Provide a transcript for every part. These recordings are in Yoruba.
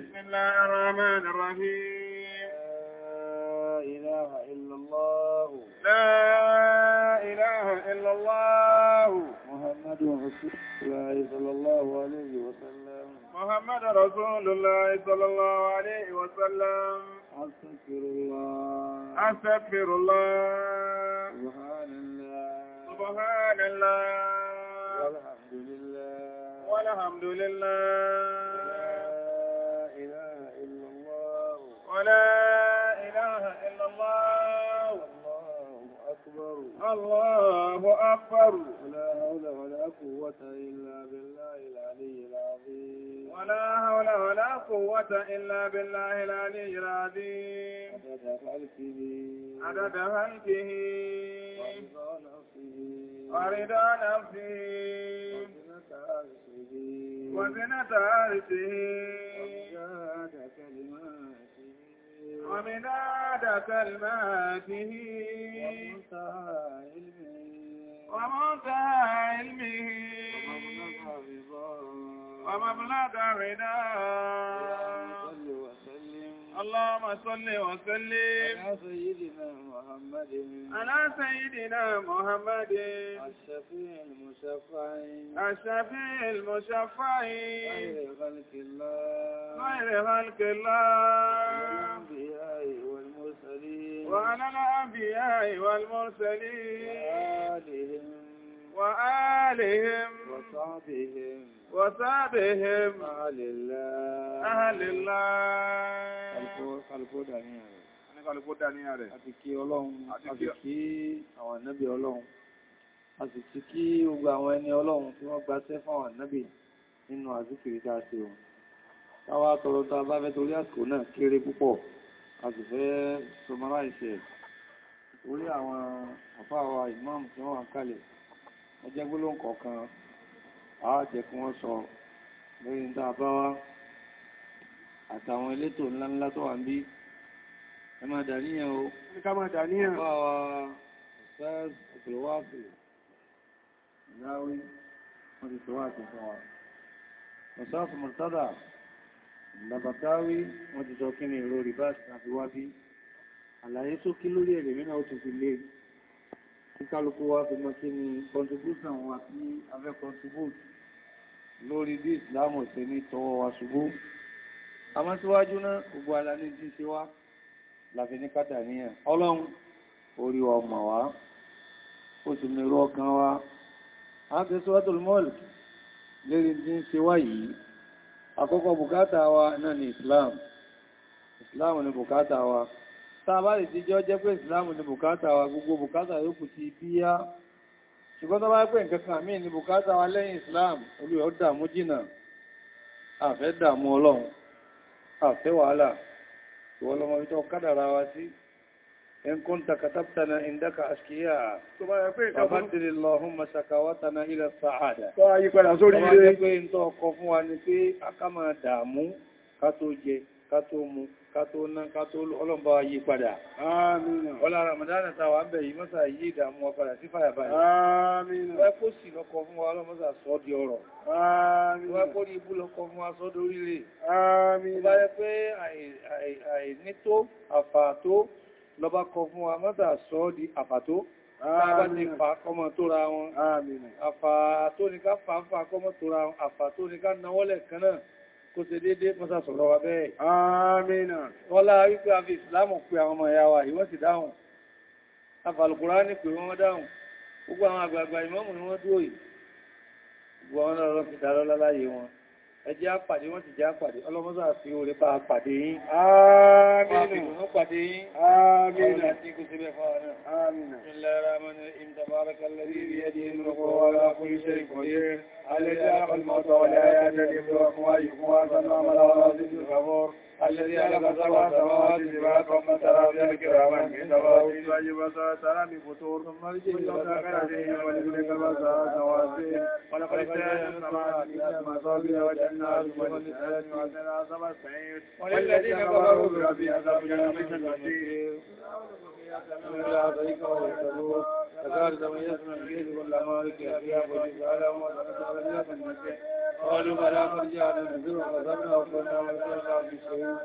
بسم الله الرحمن الرحيم لا إله إلا الله لا إله إلا الله محمد رسول الله صلى الله عليه وسلم محمد رسول الله صلى الله عليه وسلم أستغفر الله أستغفر الله سبحان الله سبحان الله والحمد لله والحمد لله ولا إله إلا الله والله أكبر الله أكبر ولا حول ولا قوة إلا بالله العلي العظيم ولا حول ولا قوة إلا بالله العلي العظيم عدد خلقه عدد خلقه ورضا نفسه ورضا نفسه وزنة عرشه مداد كلماته ومنتهى علمه ومبلغ رداه اللهم صل وسلم على سيدنا محمد على سيدنا محمد الشفيع المشفع الشفيع المشفع غير خلق الله غير خلق الله وعلى الأنبياء والمرسلين وآلهم وصحبهم وصحبهم أهل الله أهل الله الفوضى نيارة الفوضى نيارة أتكي أولهم أتكي أو النبي أولهم àsìkí kí gbogbo àwọn ẹni ọlọ́run tí wọ́n gbaṣẹ́ fáwọn ànábì nínú àzíkiri dáa sí ohun. Táwà tọrọ tó abáfẹ́ torí àsìkò náà kéré púpọ̀ a sì fẹ́ summarize ẹ̀ orí àwọn àfáàwà imam tí wọ́n kalẹ̀ wọ́n jẹ́ gbólóhùn kọ̀ọ̀kan a jẹ́ kí wọ́n sọ lórí ń dáa báwá àtàwọn elétò ńláńlá tó wà ń bí ẹ máa dàníyàn o ká máa dàníyàn àfáàwà Ustaz òpèwáàfè ìyáwí wọ́n ti sọ wá àti fún wa Bàbákáwí wọ́n ti sọ kí ni èrò rìbáàsì àti wábí. Àlàyé tó kí lórí ẹ̀rẹ̀ mìíràn ó ti fi lè kí kálukú wá fi mọ́ kí ni contribution wa sí afẹ́ contribute lórí bí ìsìláàmù ṣe ní tọwọ́ wa ṣubú. Àmọ́ síwájú náà gbogbo ala ní tí ṣe wá láfi ní kátàníyàn. Ọlọ́run orí wa mọ̀ wá, ó sì mẹ́rọ ọkàn wa. A ti sọ́tọ̀lùmọ́ọ̀lù lérí tí ń ṣe wá yìí àkọ́kọ́ bùkátà wa náà ni Islam Islam ni bùkátà wa tàbárì tí jọ jẹ́ pé Islam ni bùkátà wa gbogbo bùkátà yóò ti bíyá ṣùgbọ́n tó bá pẹ́ nǹkankan mí ni bùkátà wa lẹ́yìn Islam olùyọ́ dàmú jìnà àfẹ́ dàmú ọlọ́run àfẹ́ wàhálà ìwọ́lọ́mọ́ إن كنت كتبتنا عندك أشكياء فبدل اللهم سكواتنا إلى السعادة فبدل إن توقفوا نفي أكما دامو كتوجي كتومو كتونا كتول أولم باي بدا آمين ولا رمضان تاوان بي مسا يدامو وفلا سفا يباي آمين ويقوسي لكوفوا أولم مسا صوت يورو آمين ويقولي بو لكوفوا صوت يوري آمين ويقوي أي نتو أفاتو lọba kọ fún wa mọ́ta sọ di àfàtó bá ní fa kọmọ tó ra wọn àfàtó ní ká fa ń fa kọmọ tó ra wọn àfàtó ní ká náwọ́lẹ̀ kan náà kó ṣe dédé mọ́ta sọ̀rọ̀ wa bẹ́ẹ̀ àmìnà wọ́lá wípé àfi ìsìlámù pé àwọn ọmọ ìyá wa ìwọ́n sì dáhùn afàlùkùrá ní pé gbogbo àwọn àgbààgbà ìmọ́mù ni wọ́n dúró yìí gbogbo àwọn ọlọ́rọ̀ fi dá lọ́lá wọn ẹjẹ́ àpàdé wọ́n ti jẹ́ àpàdé ọlọ́mọ́sá àti orí bá àpàdé yìí àmìnà wọ́n pàdé yìí àmìnà tí kò sí bẹ́fà náà àmìnà ìlera mọ́nà ìmtàbárakàlẹ̀ ìbí ẹdí ìrọ̀kọ̀ wọ́lá fún iṣẹ́ ìkòyẹ́ alẹ́jẹ́ àpàdé mọ́ta الذي علم سبع سماوات سباقا فترى كراما في سماوات واجب ترى بفطور ثم الجن كان عليهم ولكل كبسا سواسين ولقد اجتهد السماء مصابيح وجنات والنسان وعدنا سبع سعير والذين كفروا بربي عذاب جهنم كثير لا طريق ولا سلوك فقال لما يسمع الجيد والأمارك أبياب وجزء لهم وتقدر لنا في المسيح قالوا بلا فرجعنا نزل وغضبنا وقلنا والسلام في الشهود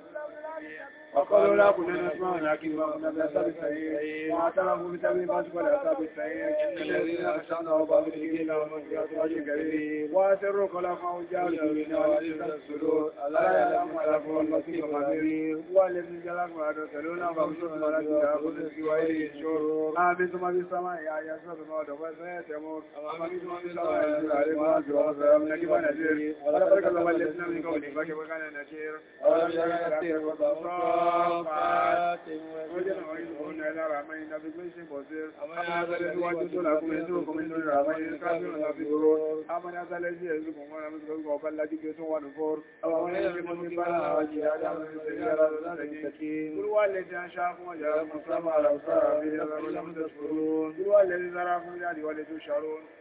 وقالوا لا كنا نسمع لكن ما كنا بأساب السعير واعترفوا بسبب فاسق الأساب السعير الذين أحسنوا باب الدين لهم مجرات رجل كريم وأسروا خلافه الجاهل من وعليم السلوك ألا يعلم خلافه المسيح خبير والذي جلق وأرسلونا فمسوس ملك تأخذ سوائه الشرور آمنتم بالسماء يا يسوع الموت فسيتموت آمنتم بالسماء يا يسوع الموت فسيتموت ونذير ولقد كذب الذين من قبلهم فكيف كان نكير ولم يكن يكثر وصفرا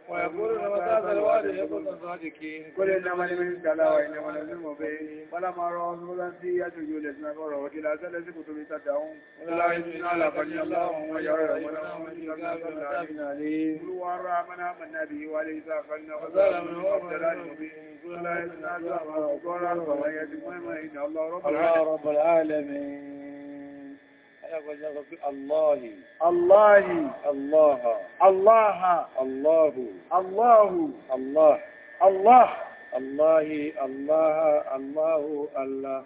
ويقولون متى الوالد يقول الصادقين كل انما لمن ابتلى وانما لزم به ولما رأى رسولا في يده يولد نفر وكلا العسل سكتب تدعون ولا يزمنا لقني الله الله الله الله الله الله الله الله الله الله الله الله الله الله الله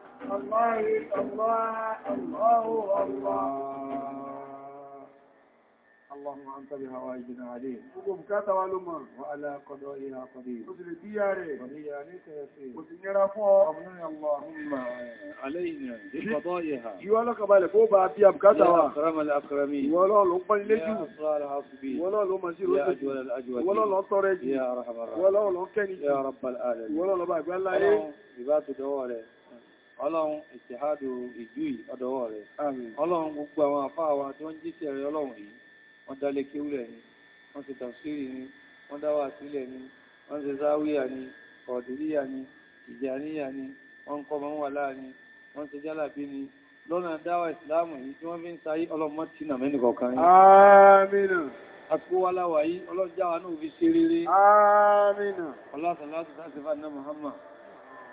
الله الله الله الله اللهم أنت بهوائجنا عليم وقمكات والما وعلى قضائها قدير قدر دياري وهي عليك يسير وسنرى فوق أمنون اللهم علينا بقضائها يوالك بالك وبا أبي أبكاتها يا أكرم الأكرمين ولا الأقبل لجو يا أسرى العصبين ولا الأمسير يا أجول الأجول ولا الأطرج يا رحم الرحمن ولا الأكني يا رب العالمين ولا الأبعب الله إيه إبات دوالي ọlọ́run ìtìhádù ìjú yìí ọdọ̀wọ́ rẹ̀ ọlọ́run gbogbo àwọn àfáà wa tí wọ́n jíṣẹ́ rẹ̀ ọlọ́run yìí wọ́n dálé kéwúlẹ̀ ni wọ́n ti tàfsírì ni wọ́n dáwà sílẹ̀ ni wọ́n ti záwíyà ni ọ̀dìríyà ni ìjàníyà ni wọ́n kọ́ mọ́ wà láàrin wọ́n ti jálàbí ni lọ́nà dáwà ìsìláàmù yìí tí wọ́n fi ń sayé ọlọ́mọ tí nà mẹ́nì wá láwà yìí ọlọ́jà náà fi ṣe rere. Amínà. Ọlá sàlátù sáà sí fàdínà Muhammad.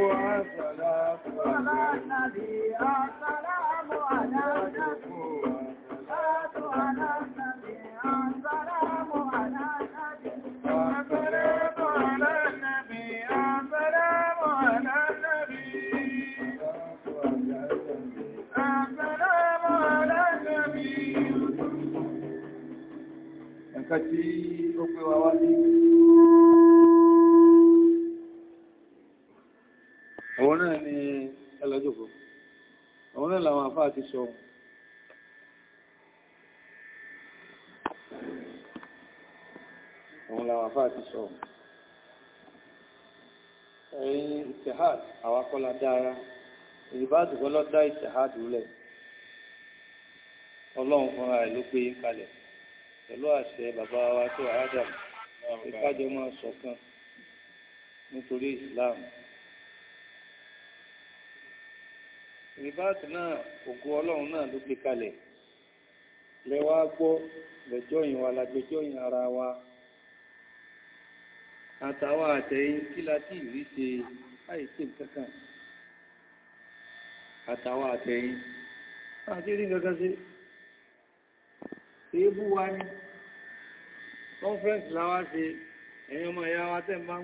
nǹkan tí ṣoògùn òun làwọn àfáà ti ṣoògùn ẹ̀yìn ìtẹ̀hàd àwakọ́lá dára ìrìbáàdù kọ́lọ́ dá ìtẹ̀hàd rúlẹ̀ ọlọ́run fún ara ìlú pé kalẹ̀ pẹ̀lú àṣẹ bàbá wa tó àádà ìkájọ máa ṣọ̀kan nítorí ìsìláàmù ìbáàtì náà ògo ọlọ́run náà ló gbé kalẹ̀ lẹ́wà gbọ́ lẹ́jọ́yìn wa lágbẹjọ́yìn ara wa àtàwà àtẹ̀yìn kí láti ìrí ṣe àìsí kankan àtàwà àtẹ̀yìn àti rí kankan sí èébú wa ní conference láwá ṣe ẹ̀yàn ọmọ ẹ̀yà wa tẹ́ máa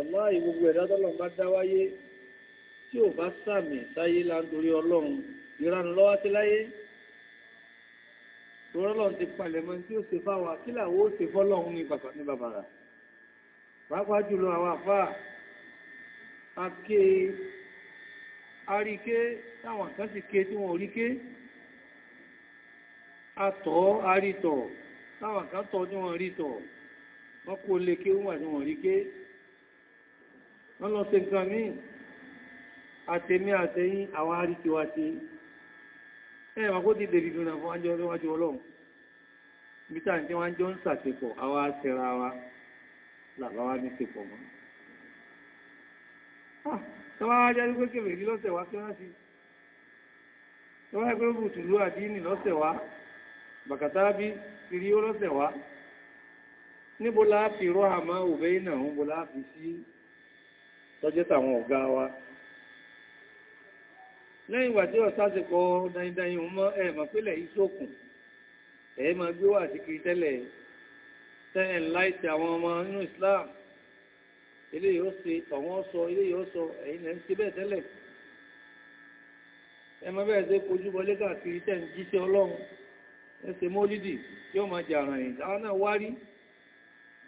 ọ̀lá ìgbogbo ẹ̀dá tọ́lọ́run bá dá wáyé tí ò bá sàmì sáyé láńtorí ọlọ́run ìranu lọ́wọ́ sí láyé tọ́lọ́run ti palẹ̀mọ́ tí ó ṣe fáwọn akílà ó ṣe fọ́lọ́run ní bàbàrà pàápàá jùlọ àwọn àfáà ake aríké táwọn kan sì ké tí wọn oríké àtọ́ arítọ̀ táwọn kan tọ́ tí wọn rítọ̀ wọ́n kó lè ké wọ́n wà tí wọn oríké wọ́n lọ ṣe nǹkan míì àtẹ̀mí àtẹ̀yìn àwọn àríkíwá ti ẹ̀wọ̀n kó ti dèrè ìdúnà fún ajọ́ níwájú ọlọ́run bí táà ah, tí wọ́n jọ ń sàtẹ̀pọ̀ àwọn aṣẹ́ra wa làbáwá ní tẹ̀pọ̀ mọ́ tọ́wọ́ wá jẹ́ pé kèfèrí lọ́sẹ̀ wá kí wọ́n sí tọ́wọ́ ẹgbẹ́ bùtùlú àdínì lọ́sẹ̀ wá bàkàtà bí kiri ó lọ́sẹ̀ wá níbo láàfi rọ́ àmọ́ òbẹ́ ìnà òun bó láàfi sí tọ́jẹ́ tàwọn ọ̀gá wa lẹ́yìn ìwà tí ọ̀sá ti kọ dáindáin mọ́ ẹ̀mọ̀ pílẹ̀ ìṣòkùn ẹ̀mọ̀ gbé wà sí kiri tẹ́lẹ̀ tẹ́ẹ̀ láìsí àwọn ọmọ inú Islam ilé yóò ṣe ọ̀wọ́n sọ ilé yóò sọ ẹ̀yìn lẹ́ ń ṣe bẹ́ẹ̀ tẹ́lẹ̀ ẹmọ bẹ́ẹ̀ ṣe kojú wọlé káàkiri tẹ́ ń jíṣẹ́ Ọlọ́run ẹsẹ̀ mólídì tí ó máa jà ràn ìdáwọn wárí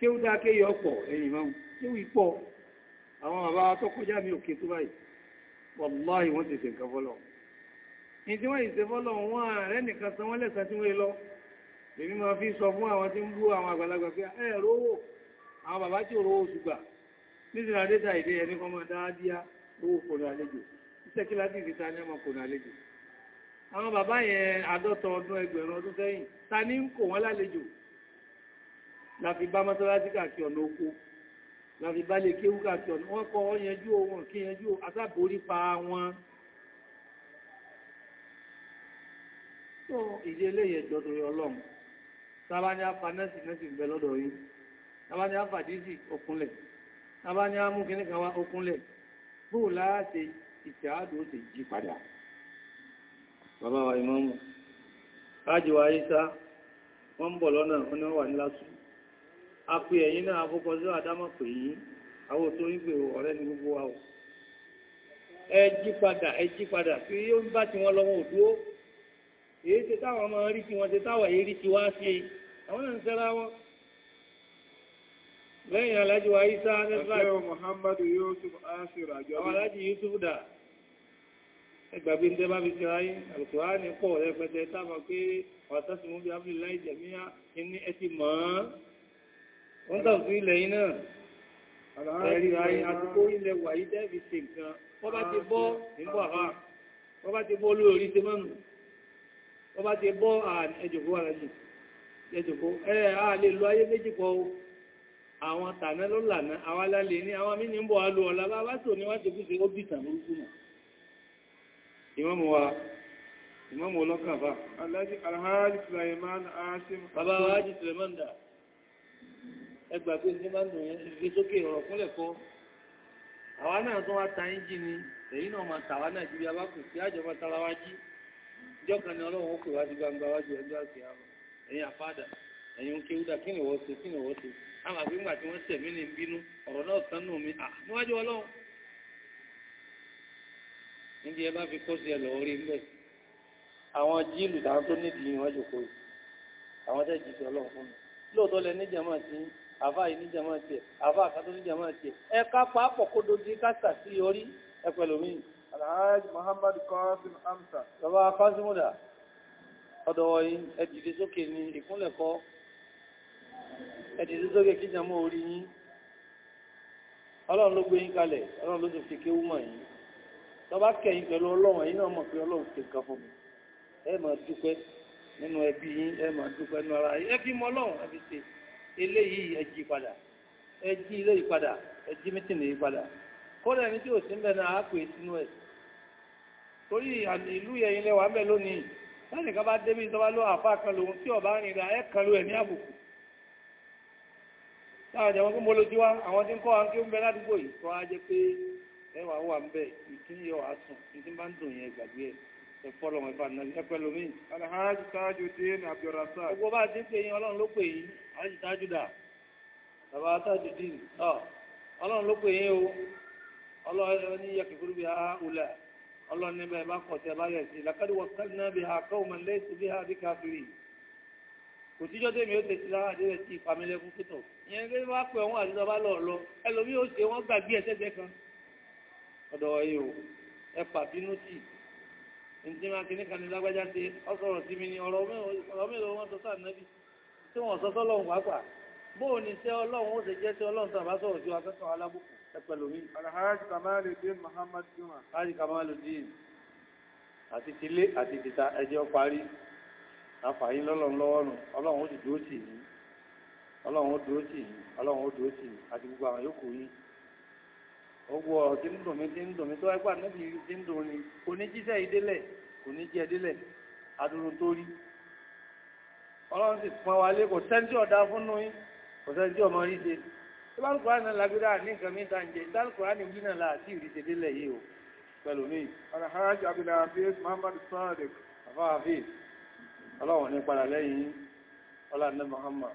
kí ó dáké yọ pọ̀ ẹ̀yìn máa kí ó ipọ̀ àwọn bàbá tó kọjá mi òkè tó báyìí wàláhì wọ́n ti ṣẹ̀ǹkà fọ́lọ̀ ìdí wọ́n ìṣẹ́ fọ́lọ̀ wọ́n rẹ̀ nìkan san wọ́n tí wọ́n lọ èmi fi sọ fún àwọn tí ń bú àwọn àgbàlagbà pé àwọn bàbá tí ò rówó nítorí owó bàbá láti bá mọ́sálásí kàkí ọ̀nà oko láti bá lè kéwú kàkí ọ̀nà wọ́n kọ́ ọ̀yẹnjú wọn kí yẹnjú asáborí pa wọn tó ìdí eléyẹ̀ jọdọ̀ ọlọ́run sábà ní afa nẹ́sì nẹ́sì bẹ lọ́dọ̀ yìí sábà ní afa dísì okunlẹ̀ sábà ní amú kí nìkan wá okunlẹ̀ bóò láti ìtàádò ti jí padà bàbá wa ìmọ́mù ájíwá ayíṣá wọ́n ń bọ̀ lọ́nà wọ́n ni wọ́n wà ní lásùn a pè ẹ̀yìn náà àfókọjọ́ àdámọ̀ pè yí àwọn tó ń gbèrò ọ̀rẹ́ ní gbogbo wa ẹ jí padà ẹ jí padà tí ó ń bá ti wọn lọ́wọ́ òdúó èyí ti táwọn ọmọ rí ti wọn ti táwà èrí ti wá sí àwọn náà ń sẹ́ra wọn lẹ́yìn alájí wa isa nẹ́fà ẹgbàgbé tẹ́ bá fi ṣe ráyé alùkùrá ní pọ̀ rẹpẹtẹ táwọn pé ọ̀tọ́sí mú bí abúlé láì jẹ̀míyà ní ẹti mọ́ wọ́n tàn fún ilẹ̀ yìí náà ẹ̀rí ayé àtúkò ilẹ̀ wà yí dẹ́bì ṣe nǹkan wọ́n bá ti bọ́ nígbà àbá wọ́n bá ti bọ́ lórí ṣe mọ́nù wọ́n bá ti bọ́ ẹjọ̀kó alájì ẹjọ̀kó ẹ̀ a lè lo ayé méjì pọ̀ àwọn tàná ló lànà àwọn alálẹ̀ ní àwọn mí ń bọ̀ alò ọ̀la bá bá tò ní wá ti kúṣe ó bìtà lórúkú mọ̀ ìmọ́mù wa ìmọ́mù ọlọ́kàfà alájì alhájì Suleiman asim bàbá wa ẹgbà pé ní bá nù yẹn gbé sókè ọ̀rọ̀ kúnlẹ̀ kọ́ àwa náà tó wá ta yín jí ni èyí náà máa tàwa náà jí bí a sí àjọba tara wá jí jọ́kan ni ọlọ́run ó pè wá sí gbangba wájú ẹjọ́ àti àwọn ẹ̀yìn àfádà ẹ̀yìn kéúdà kí ni wọ́n ṣe kí ni wọ́n ṣe a máa fi ń gbà tí wọ́n tẹ̀mí ní bínú ọ̀rọ̀ náà tán nù mí à níwájú ọlọ́run níbi ẹ bá fi kó sí ẹlọ orí ńlẹ̀ àwọn jíìlù táwọn tó nídìí wọ́n jòkó àwọn tẹ́ jìtì ọlọ́run fún mi lóòótọ́ lẹ níjàmá sí àfá yìí ní jẹmọ́ tiẹ̀ àfá àkàtọ́ ní jẹmọ́ tiẹ̀ ẹ ká pàápọ̀ kó dojú kásà sí orí ẹpẹlòmí. alhaji muhammad qasim hamza. bàbá kọ́símùdà ọ̀dọ̀ wọ̀nyí ẹ dìde sókè ní ìkúnlẹ̀ kọ́ ẹ dìde sókè kí jẹmọ́ orí yín ọlọ́run ló gbé yín kalẹ̀ ọlọ́run ló sì fi kéwú mọ̀ yín tọ́ba kẹ̀yìn pẹ̀lú ọlọ́run ẹ̀yin náà mọ̀ pé ọlọ́run ti nǹkan fún mi ẹ máa dúpẹ́ nínú ẹbí yín ẹ máa dúpẹ́ nínú ara yín ẹ fi mọ ọlọ́run ẹ ṣe. eléyìí ẹjì padà ẹjì ilé ìpadà ẹjì mítìnì ìpadà kódà ní tí ò sí mẹ́rin àápè sínú ẹ torí ìlú yẹ̀yìn lẹ́wà mẹ́ lónìí láti ká bá débí ìjọba ló kan lòun tí ọba rìnrìn àẹ́ kan ló ẹ̀ ní àbùkù láàjẹ́ wọn kí mo wá àwọn tí ń kọ́ wọn ń bẹ ládùúgbò yìí á pé ẹwà wà ń bẹ bá ń dùn yẹn gbàgbé ẹ̀ ọ̀pọ̀lọpọ̀ ìfà nàìjíríà pẹ̀lú mi. alhaji tajudeen abdulrasaq. gbogbo bá ti pè yín ọlọ́run ló pè yín alhaji ọ ọlọ́run ló pè o ọlọ́run ní bí ha ulẹ̀ ọlọ́run bá bá yẹ̀ sí bí ha qawman laysu bí ha bí káfírí kò tíjọ́ tèmi ó tẹ̀sí lára àdéhùn ti ìpamílẹ́kún pítọ̀ ntí máa kíní kan ní lágbájá ti ọ̀sọ̀rọ̀ sí mi ní ọ̀rọ̀ mélòó wọn sọsọ sáà nẹ́bí tí wọ́n sọ sọ́lọ́hùn pàápàá bóò ní sẹ́ ọlọ́run ó sì jẹ́ sí ọlọ́run tàbá sọ̀rọ̀ sí akẹ́kọ̀ọ́ alábùkù ẹpẹlòmí. alhaji kamaluddin muhammad ọwọ́ ọ̀rọ̀ tí ń dùn mí tí ń dùn mí tó ẹgbà níbi tí ń dùn ní kò ní jíṣẹ́ ìdélẹ̀ kò ní jẹ́ ìdélẹ̀ adúrú tó rí ọlọ́run sì pọn wa lé kò sẹ́ńtì ọ̀dá fún nú yín kò sẹ́ńtì ọmọ rí ṣe tí bá ń kọ́ àná lágbéra ní nǹkan mi ta ń jẹ ìdá kọ́ àní wí náà láti rí ṣe délẹ̀ yìí o pẹ̀lú mi. ọ̀nà hajj abdul hafiz muhammad sadiq afa hafiz ọlọ́run ní padà lẹ́yìn ọlọ́run ní muhammad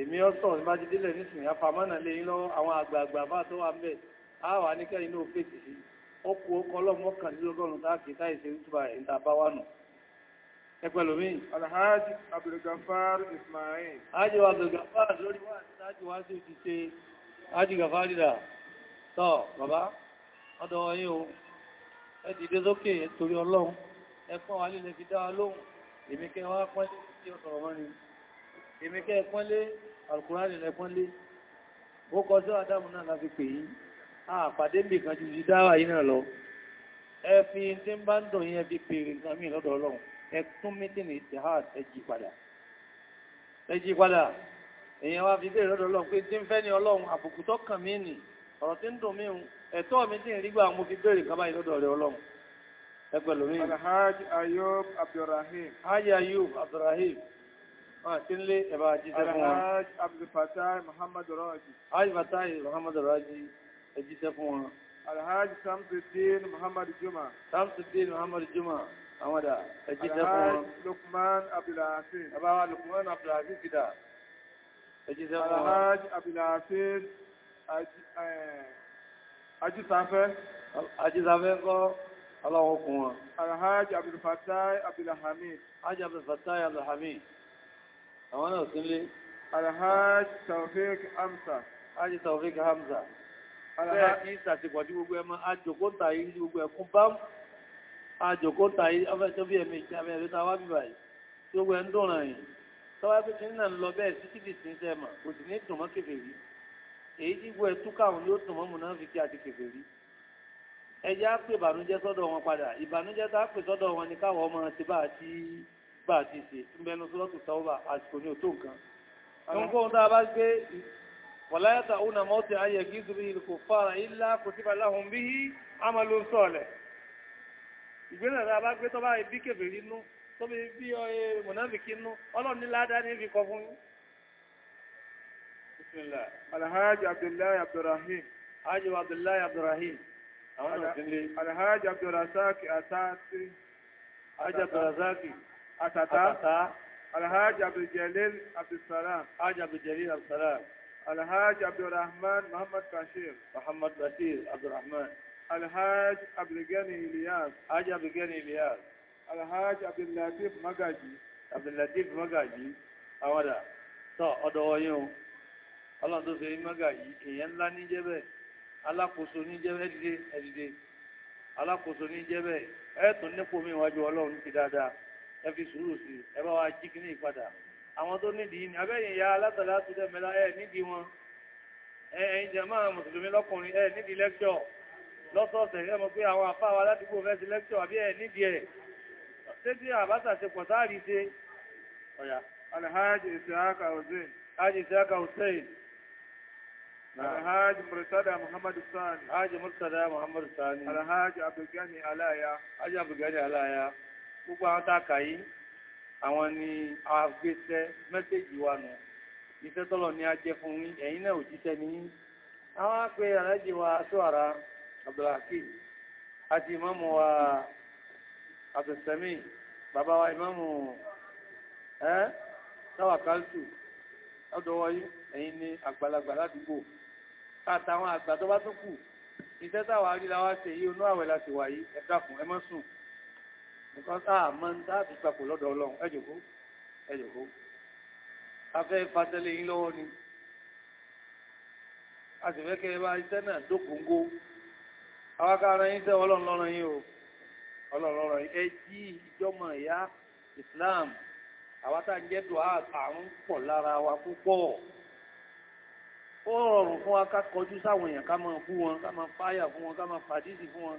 èmi ọ̀sán ìmájídélẹ̀ nísìnyí afamọ́nà lẹ́yìn lọ́wọ́ àwọn àgbààgbà bá tó wà bẹ́ẹ̀ àwa níkẹ́ inú fèsì sí ọkù ọkọ̀ ọlọ́mọkànlélọ́gọ́rùn táàkì táìsẹ̀ rútùbà rẹ̀ ń tàbá wà nù ẹgbẹ̀lómi alhaji abdulgafar ismail hajji wa abdulgafar lórí wà láti wá sí ti ṣe hajji gafarida tọ́ bàbá ọdọ̀ wọ̀nyí o ẹ dìde sókè torí ọlọ́run ẹ̀pọ̀n wà lílẹ̀ fi dáa lóhun èmìkẹ́ wá pọ́nlé tí ó sọ̀rọ̀ mọ́rin èmìkẹ́ pọ́nlé alkùnrin lẹ́pọ́nlé ó kọjọ́ adámù náà láti pè yìí àpàdé ah, bì kan ju dáwà yìí lọ ẹ fi tí ń bá ń dùn yẹn fi pèrè nǹkan mí lọ́dọ̀ ọlọ́run ẹ tún padà ẹ padà èèyàn wá fi bèèrè lọ́dọ̀ ọlọ́run pé tí ń fẹ́ ní ọlọ́run àbùkù tó kàn mí nì ọ̀rọ̀ tí ń dùn mí ẹ̀tọ́ mi tí ń rí gbà fi bèèrè báyìí lọ́dọ̀ ọlọ́run ẹgbẹ̀lú mi. Ayub Abdurrahim. Ayub Abdurrahim. ẹ jíṣẹ́ fún wọn. alhaji samsudin muhammad juma. samsudin muhammad juma àwọn dà ẹ jíṣẹ́ fún wọn. alhaji lukman abdulhasin. bàbá wa lukman abdulhasin ti dà ẹ jíṣẹ́ fún wọn. alhaji abdulhasin ajísafẹ́. ajísafẹ́ kọ́ aláwọ̀ kún wọn. alhaji abdulfatai abdulhamid. alhaji abdulfatai abdulhamid àwọn náà sílé. alhaji taofik hamza. alhaji Taufik hamza bẹ́ẹ̀ kí ìsàṣepọ̀dí gbogbo ẹmọ àjòkóta yìí ní gbogbo ẹkún bá àjòkóta yìí afẹ́tọ́ bí ẹ̀mí ìjà mẹ́rin tá wá bíbà yìí tí gbogbo ẹn dùn ràn yìí tọ́wá pé kí nínà ń lọ bẹ́ẹ̀ sí tìbì sí iṣẹ́ mà kò sì ní tùmọ́ kèfèrí èyí tí gbogbo ẹtú káwọn yóò tùmọ́ mù náà fi kí àti kèfèrí ẹjẹ́ á pè ìbànújẹ́ sọ́dọ̀ wọn padà ìbànújẹ́ tá á pè sọ́dọ̀ wọn ni káwọn ọmọ ti bá àti bá àti ṣe ń bẹnu sọ́dọ̀ tó tọ́wọ́ bá àsìkò ní òtó nǹkan. àwọn kóhun tá a bá gbé ولا يطعون موطئا يجيز به الكفار إلا كتب لهم به عمل صالح ìgbéná rẹ̀ bá gbé tó bá ibi kèfèrí nú tó bí bí ọyẹ mọ̀náfìkì nú ọlọ́run ní ládá ní ibi kọ fún yín. bismillah alhaji abdullahi abdurrahim alhaji abdullahi abdurrahim àwọn náà sílé alhaji abdurrazaki atati alhaji abdurrazaki atata alhaji abduljalil abdulsalam alhaji الحاج عبد الرحمن محمد بشير محمد بشير عبد الرحمن الحاج عبد الغني الياس حاج عبد الغني الياس الحاج عبد اللطيف مغاجي عبد اللطيف مغاجي awada so ọ̀dọ̀ oyin o Ọlọ́run tó ṣe magaji èyàn ńlá ní jẹ́bẹ̀ alákòóso ní jẹ́bẹ̀ dìde ẹ̀dìde alákòóso ní jẹ́bẹ̀ ẹ̀tún nípò mi wájú Ọlọ́run ti dáadáa ẹ fi sùúrù sí ẹ bá wa jí kíní ìpadà àwọn tó nídìí ní abẹ́yìn ya alátàlá tó jẹ́ mẹ́lá ẹ̀ nídìí wọn ẹ̀yìn jàmáà mùsùlùmí lọ́kùnrin ẹ̀ nídìí lẹ́kṣọ̀ lọ́sọ̀ọ̀sẹ̀ ẹ pé àwọn àfáwà aládùúgbò fẹ́ ti àbí ẹ̀ nídìí ẹ̀ ṣé tí àbátà ṣe pọ̀ sáàrí alhaji alhaji muhammadu sani muhammadu sani alhaji a àwọn ni agbésẹ́ mẹ́sẹ̀jì wa nù iṣẹ́ tọ́lọ̀ ni a jẹ fún yín ẹ̀yin náà òjíṣẹ́ ni yín àwọn pé alájì wa tó ara Abdulhakeem àti ìmáàmù wa Abdulsami bàbá wa ìmáàmù ẹ́ Tawakaltu ọdọ̀wọ́yí ẹ̀yin ni àgbàlagbà ládùúgbò àtàwọn àgbà tó bá tó kù iṣẹ́ táwà rí láwá ṣe yí onú àwẹ̀ láti wà yí ẹ dákun ẹ nǹkan táà mọ́ ń dáàbì papọ̀ lọ́dọ̀ ọlọ́run ẹ jókòó ẹ jókòó afẹ́ fatẹ́lẹ̀ yín lọ́wọ́ ni a sì fẹ́ kẹ́ bá iṣẹ́ náà dókòóngó awáká ara yín ọlọ́run lọ́rọ̀ yín o ọlọ́run lọ́rọ̀ yín ẹ ìjọmọ̀ ìyá Islam àwátá ń jẹ́ dùn àrùn pọ̀ lára wa púpọ̀ ó rọrùn fún wa ká kọjú sáwọn èèyàn ká máa bú wọn ká máa fáyà fún wọn ká máa fàdísì fún wọn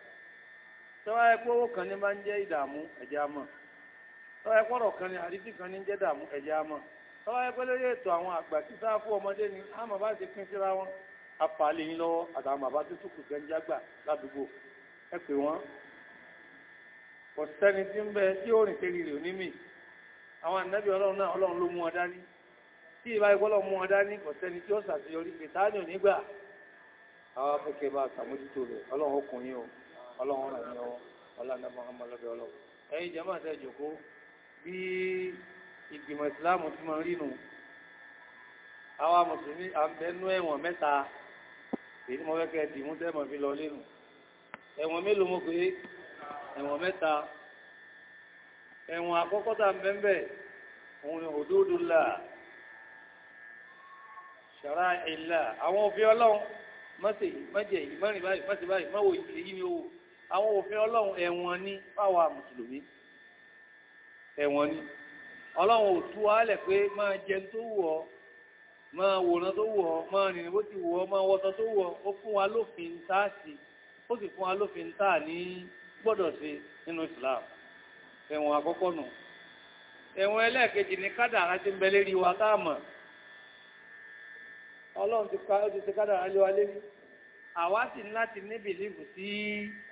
tọ́wọ́ ẹ pé owó kan ní máa ń jẹ́ ìdààmú ẹja àmọ́ tọ́wọ́ ẹ pọ́rọ̀ kan ní àdídì kan ní jẹ́ ìdààmú ẹ̀jẹ̀ àmọ́ tọ́wọ́ ẹ lórí ètò àwọn àgbà tí sáfù ọmọdé ni àmọ́ bá ti pín síra wọn apàálẹ̀ yín lọ́wọ́ àtàwọn bàbá tó túkù ń jágbà ládùúgbò ẹ pè wọ́n kò sẹ́ni tí ń bẹ tí ó rìn ọlọ́run rẹ̀ ní ọwọ́ ọlọ́dàbọ̀ ọmọlọ́bẹ̀ ọlọ́run ẹ̀yìn jẹ́mà tẹ́ jòkó bí ìgbìmọ̀ ìsìláàmù tí mọ̀ rínú àwa mùsùlùmí àbẹ̀nú ẹ̀wọ̀n mẹ́ta èyí mọ́ fẹ́kẹ́ dì mú tẹ́mọ̀ fi lọ lẹ́nu ẹ̀wọ̀n mélòó mọ́ pé ẹ̀wọ̀n mẹ́ta ẹ̀wọ̀n àkọ́kọ́ tà bẹ́ẹ̀ òun ni òdòdó là ṣàrá ìlà àwọn òfin ọlọ́run ẹ̀wọ̀n ní fáwà mùsùlùmí ẹ̀wọ̀n ní ọlọ́run ò tú alẹ̀ pé máa jẹ tó wù ọ́ máa wòrán tó wù ọ́ máa rìnrìn bó ti wù ọ́ máa wọ́tọ̀ tó wù ọ́ ó fún wa lófin táà sí ó sì fún wa lófin táà ní gbọ́dọ̀ sí nínú Islam ẹ̀wọ̀n àkọ́kọ́ nù ẹ̀wọ̀n ẹlẹ́ẹ̀kejì ní kádàrá tí ń bẹ lérí wa táàmà ọlọ́run ti kádàrá lé wa lérí àwa sì láti ní bìlífù sí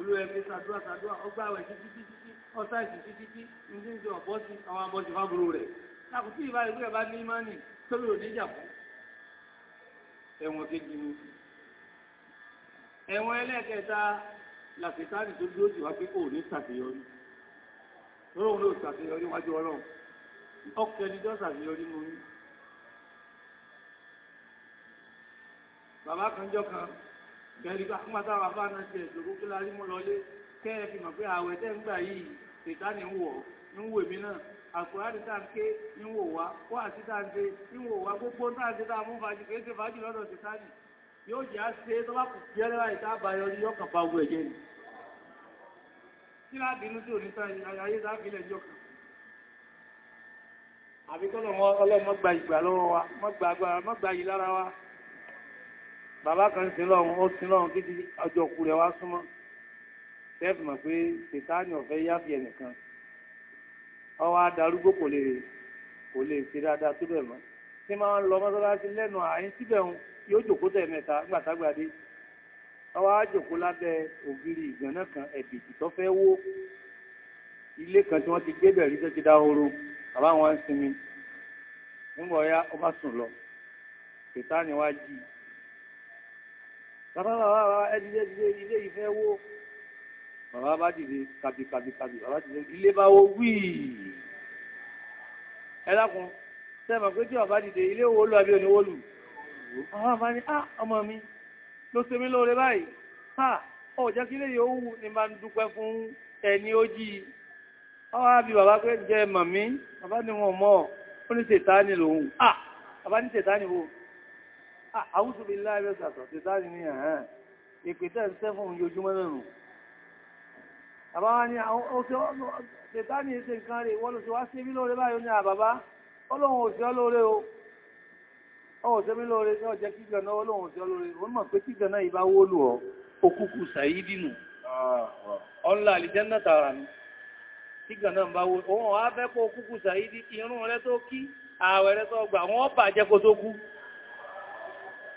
olóyẹ̀kẹ́ sàdúrà sàdúrà ọgbàwẹ̀ títí títí ọ̀sá ìsìn títí tí ní ní ìjọ ọ̀bọ́ sí àwọn abọ́sí fábúrú rẹ̀ lákùtí ìbá ìlú ẹ̀bá ní ìmánì tóló níjà fún ẹ̀wọ̀n kejì ni ẹ̀wọ̀n ẹlẹ́ẹ̀kẹta làkìtánì tó dúró jù wá pé kò ní ṣàṣeyọrí lóòrùn ló ṣàṣeyọrí wájú ọlọ́run ọkẹni tó ṣàṣeyọrí mú bàbá kan jọ kan gẹ̀rí bá kúmọ́ táwà bá náà ṣe ìṣòro kí la rí mú lọlé kẹ́ ẹ fi mọ̀ pé àwẹ̀ tẹ́ ń gbà yìí ṣètá ni wọ̀ ń wò mí náà àkùrádì tá ń ké ń wò wá kó àti tá ń ṣe ń wò wá gbogbo tá ń ṣe tá mú fàájì kìí ṣe fàájì lọ́dọ̀ ṣètá ni yóò jẹ́ á ṣe tó bá kù jẹ́ lẹ́la ìta àbáyọ ní yọkàn bá gbọ́ ẹ̀jẹ̀ ni kí láàbínú tí ò ní sáyé ayé sáfilẹ̀ yọkàn àbíkọ́lọ̀ ọlọ́mọgbà ìgbà lọ́wọ́ wa mọ́gbà agbára mọ́gbà yìí lára wa bàbá kan sin lọ́run ó sin lọ́run títí ọjọ́ òkú rẹ̀ wá súnmọ́ sẹ́ẹ̀fì mọ̀ pé sètáàni ọ̀fẹ́ yáfi ẹnìkan ọwọ́ adarúgbó kò lè kò lè ṣe dáadáa tó bẹ̀ mọ́ tí máa ń lọ mọ́sálásí lẹ́nu àyín síbẹ̀ ń yóò jòkó tẹ̀ mẹ́ta gbàtàgbàdé ọwọ́ àjòkó lábẹ́ ògiri ìgànná kan ẹ̀bìtì tó fẹ́ wó ilé kan tí wọ́n ti gbé bẹ̀rí tó ti dá oró bàbá wọn sinmi nígbà ọ̀yá ó bá sùn lọ sètáàni wá jí i bàbá bàbá ẹdìdé ẹdìdé ilé ìfẹ́ wó bàbá bá dìde kàbìkàbìkàbì bàbá dìde ilé bá wó wíì ẹlákun sẹ́mọ̀ pé tí bàbá dìde ilé owó lọ àbí oníwólù àwọn bá ní ah ọmọ mi ló ṣe mí lóore báyìí ha ah, ọ̀ jẹ́ kí lè yóò wù ní máa ń dúpẹ́ fún ẹni ó jí ọwá bí bàbá pé jẹ́ màmí bàbá ní wọn mọ́ ó ní ṣètáni lòun ah bàbá ní ṣètáni wo àwúsù bí láàrẹ sàtọ̀ ti dárí ní ẹ̀hàn ìpìtẹ́ ìsẹ́fún yójúmọ́ lẹ́nu àbáwá ní ṣètáni ẹsẹ̀ nǹkan rẹ̀ wọ́n ló ti wá sí bí lóore báyìí ní àbàbá ọlọ́run ò sí ọlóore o ọwọ́ sí mi lóore tí ọjẹ́ kígbẹ̀ náà ọlọ́run ò sí ọlóore wọ́n mọ̀ pé kígbẹ̀ náà bá wó òun á fẹ́ pọ̀ irun rẹ tó kí ààwẹ̀ rẹ tó gbà wọ́n bàjẹ́ kó tó kú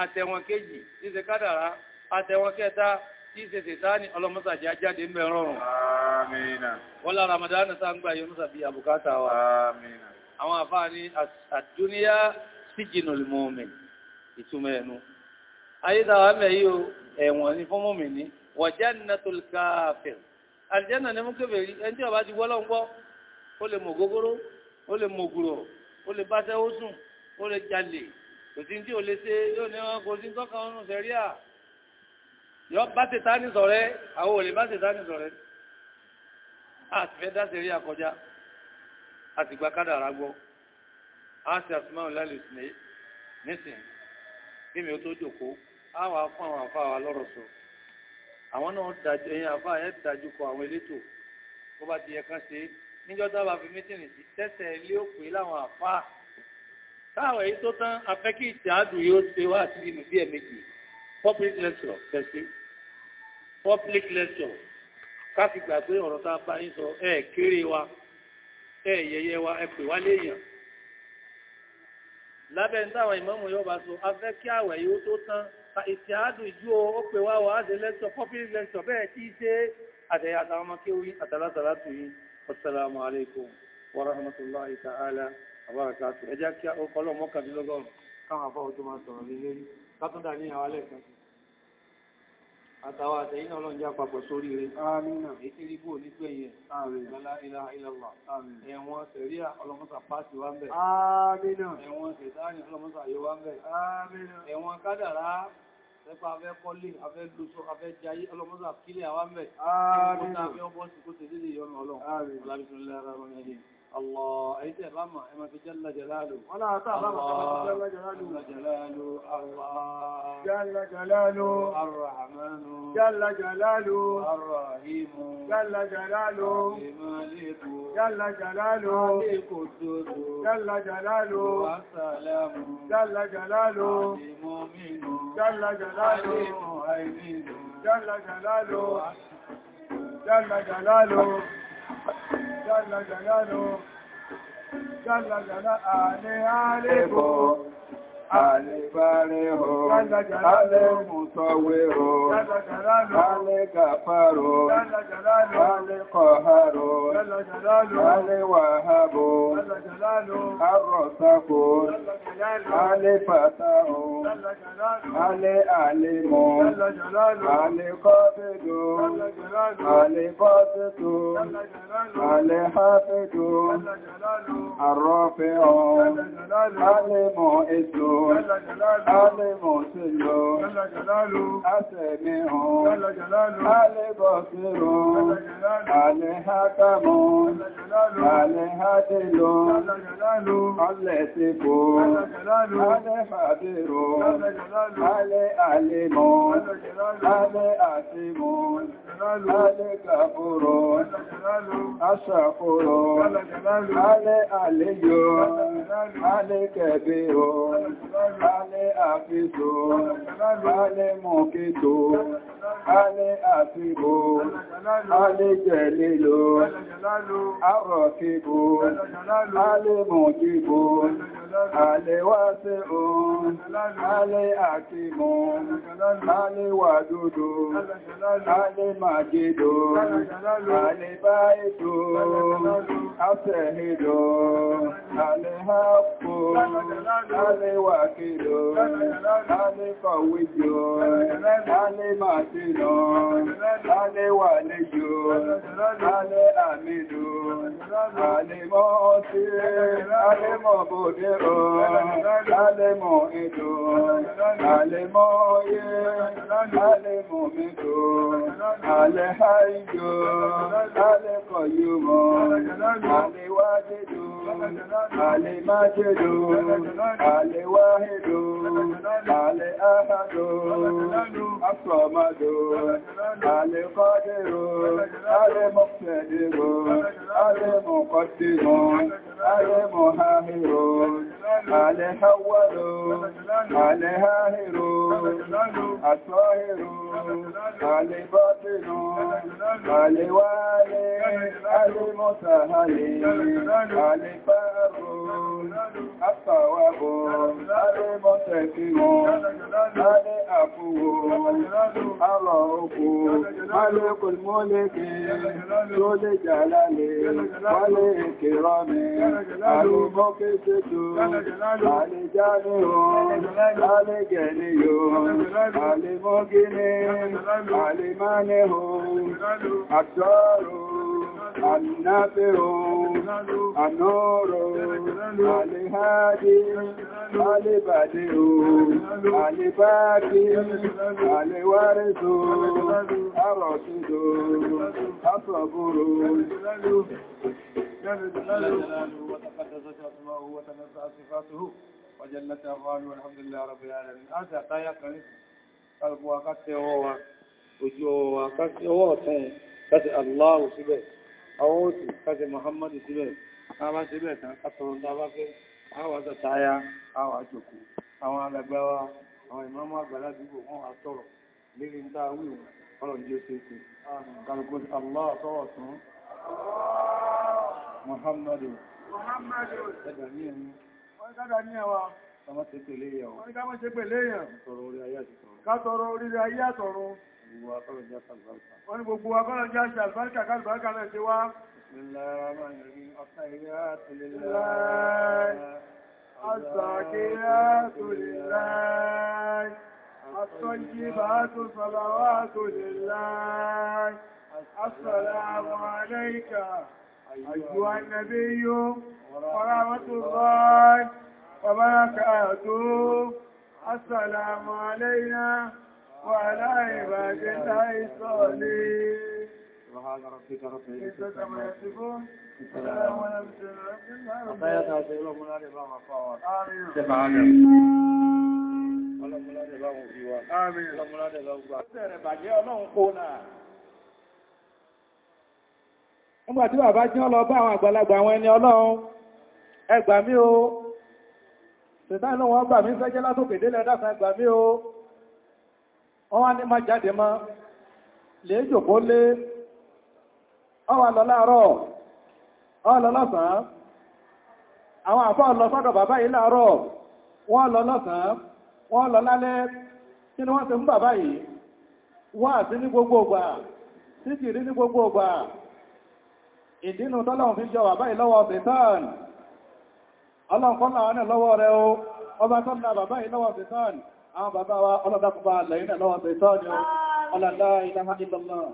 àtẹ̀wọ̀n kejì tí ṣe kádàrá àtẹ̀wọ̀n kẹta tí ṣe ṣètáni ọlọ́mọ́sàjì ajáde ń bẹ̀ rọrùn àmìnà wọ́n lára Ramadan sáńgbà yóò mọ́sàbí àbùkátà wa àmìnà àwọn àfáà ní àdúníyà sijinul mu'min ìtumọ̀ ẹnu wa jannatul kafir àlìjẹ́nà ní mú kébèrè ẹni tí ọba ti gbọ́ lọ́ngbọ́ ó lè mọ̀ gógóró ó lè mọ̀ gùrọ̀ ó lè bá kò sí tí ò lè ṣe yóò ní wọn kò sí tọ́ka ọ̀nà sẹ̀ríà yọ bá tètà ní sọ̀rẹ́ àwọn olè bá tètà ní sọ̀rẹ́ àti fẹ́ dá sẹ̀ríà kọjá àti gba kádàrá gbọ́ á sì àtúmọ̀ lálẹ́ ìsìnlẹ̀ nísìn kí mi ó tó jòkó á wà fún àwọn àfa wa lọ́rọ̀ sọ àwọn náà dájú ẹ̀yin àfa ẹ̀ dájú kọ àwọn elétò tó bá ti yẹ kán ṣe níjọ́ dábàá fi mítìnì sí tẹ́tẹ̀ ilé òpè láwọn àfa káàwẹ̀ yìí tó tán afẹ́kí ìṣàádù yóò ṣe wá sí inú bí ẹ̀mẹ́jì public lecture tẹ̀sí public lecture káfí gbà pé ọ̀rọ̀ tá a bá yín sọ ẹ̀ kéré wa e yẹyẹ wa ẹ pè wá léèyàn lábẹ́ ń táwọn ìmọ̀mù yóò bá sọ afẹ́ kí àwẹ̀ yóò tó tán ìṣàádù ìjú ó pè wá lecture public lecture bẹ́ẹ̀ tí í ṣe àtẹ̀yà àtàwọn ọmọ kéwì àtàlátàlátù yìí àbáraka tó ẹjá kí ọkọ̀lọ́ mọ́kàndínlọ́gọ́rùn káwọn afọ́ tó máa sọ̀rọ̀ lé lérí látúndà ní àwọn alẹ́kan àtàwà àtẹ̀yìn ọlọ́njá papọ̀ sórí rẹ̀ àmìnà ètí rí bóò nígbẹ̀ yẹn àmìnà ẹ̀wọ̀n sẹ̀ríà ọlọ́mọ́sà pàṣì wá ń bẹ̀ àmìnà ẹ̀wọ̀n sẹ̀dáàrì ọlọ́mọ́sà yóò wá ń bẹ̀ àmìnà ẹ̀wọ̀n kádàrá Ẹgbà afẹ́ kọ́lé, afẹ́ lóṣọ, afẹ́ jayé, ọlọ́mọ́sà kílẹ̀ àwọn mẹ́. Ààrẹ. Ó ta afẹ́ ọbọ́sì kó tẹ̀lé ìyọnu ọlọ́run. Ààrẹ. Ọlábìsúnlẹ́ ara rọ̀ ní ẹ̀yìn. الله أيت غمى إما في جل جلاله ولا تعلم جل جلاله جلاله الله جل جلاله الرحمن جل جلاله الرحيم جل جلاله الملك جل جلاله القدوس جل جلاله السلام جل جلاله المؤمن جل جلاله المؤمن جل جلاله جل جلاله jalla jalaluhu jalla jala ale ale bo ale bare ho ale musawe ho ale gafaro ale qaharo ale wahabo arrasako alẹ́ pàtà ohun, alẹ́ àlèmọ̀, alẹ́ kọ́fẹ́dò, alẹ́ kọ́fẹ́dò, alẹ́ hafẹ́dò, àrọ́fẹ́ ohun, alẹ́mọ̀ ètò, alẹ́mọ̀ sílò, àtẹ̀mẹ́ ohun, alẹ́ bọ̀fẹ́rò, alẹ́ hákàmọ́, alẹ́ hádìlò, alẹ́ sípò, alẹ́ هذا خبير هذا عليم هذا عتيم هذا كفور أشكر هذا علي هذا كبير هذا عفيف هذا مقيت هذا عفيف هذا جليل الرقيب هذا مجيب alẹ́ wá sí òun alẹ́ àkímù alẹ́ wà dúdú alẹ́ màjídò alẹ́ bá ètò afẹ́hìdò alẹ́ hapò alẹ́ wàkìdò alẹ́ kọ̀wíjò alẹ́ màjínà alẹ́ wàlejò alẹ́ àmìdò alẹ́ mọ́ sí alẹ́ mọ̀ bòdé ètò alẹ́mọ̀ ètò alẹ́mọ̀ oyé alẹ́mọ̀ mẹ́tò alẹ́ àìjò alẹ́kọ̀ yóò mọ̀ alẹ́wájẹ́dò alẹ́májẹ́dò alẹ́wáhẹ́dò alẹ́ áhàdò asọ̀màdò alẹ́kọ́dẹ̀rò alẹ́mọ̀kẹ́dẹ̀rò alẹ́mọ̀kọ́dẹ̀rò alẹ́mọ̀háhẹ́rò عليها أول عليها هيرو الطاهر علي باطن علي والي علي متهلي علي بار الصواب علي متكئ علي أفو الله ملك الملك ذو الجلال والإكرام المقسط Àlejánihun, àlejẹniyun, àlemọ́gínihun, àlemánihun, àtọ́rùn. النافع النور الهادي البديع الباقي الوارث الرشيد الصبور جل جلاله وتقدست اسماؤه وتنزه صفاته وجلت أفعاله والحمد لله رب العالمين هذا قيقن قلب وقت هو وجوه وقت هو وتن قد الله سبحانه ọwọ́ òsì káṣẹ Muhammadu síbẹ̀ àwa síbẹ̀ tán kásọ̀rọ̀ dábá pé àwa sàtáyà àwa jòkó àwọn alàgbàwà àwọn ìmọ́mọ́ àgbàládùgbò wọn wà sọ̀rọ̀ lérí ń tá ayé wọ́n ní gbogbo akọ́lọ̀já ṣe àlùbáríkà kálùbáríkà náà ṣe wá الزاكيات لله الطيبات صلوات لله السلام عليك أيها النبي ورحمة الله وبركاته السلام علينا وعلى عباد الله الصالحين سبحان ربك رب العزة عما يصفون وسلام على المرسلين والحمد لله رب العالمين Nígbà tí bàbá jí ọlọ bá àwọn àgbàlagbà àwọn ẹni Ọlọ́run, ẹ gbà mí o, ṣètà ìlú wọn gbà mí sẹ́jẹ́ látòkè délẹ̀ dákan ẹ gbà mí o, ọwá ní má jáde ma, lè jòkó lé ọwà lọ láàárọ̀ ọwà lọ lọ́sàn-án àwọn àfọ́ lọ sọ́dọ̀ bàbá yìí láàárọ̀ wọ́n lọ lọ́sàn-án wọ́n lọ lálẹ́ kí ni wọ́n ti mú bàbá yìí wọ́n àti ní gbogbo ògbà títì rí ní gbogbo ìdínú fi jọ bàbá yìí lọ́wọ́ sẹ̀tàn àwọn bàbá wa ọlọ́dàkùnbà lẹ́yìn náà lọ́wọ́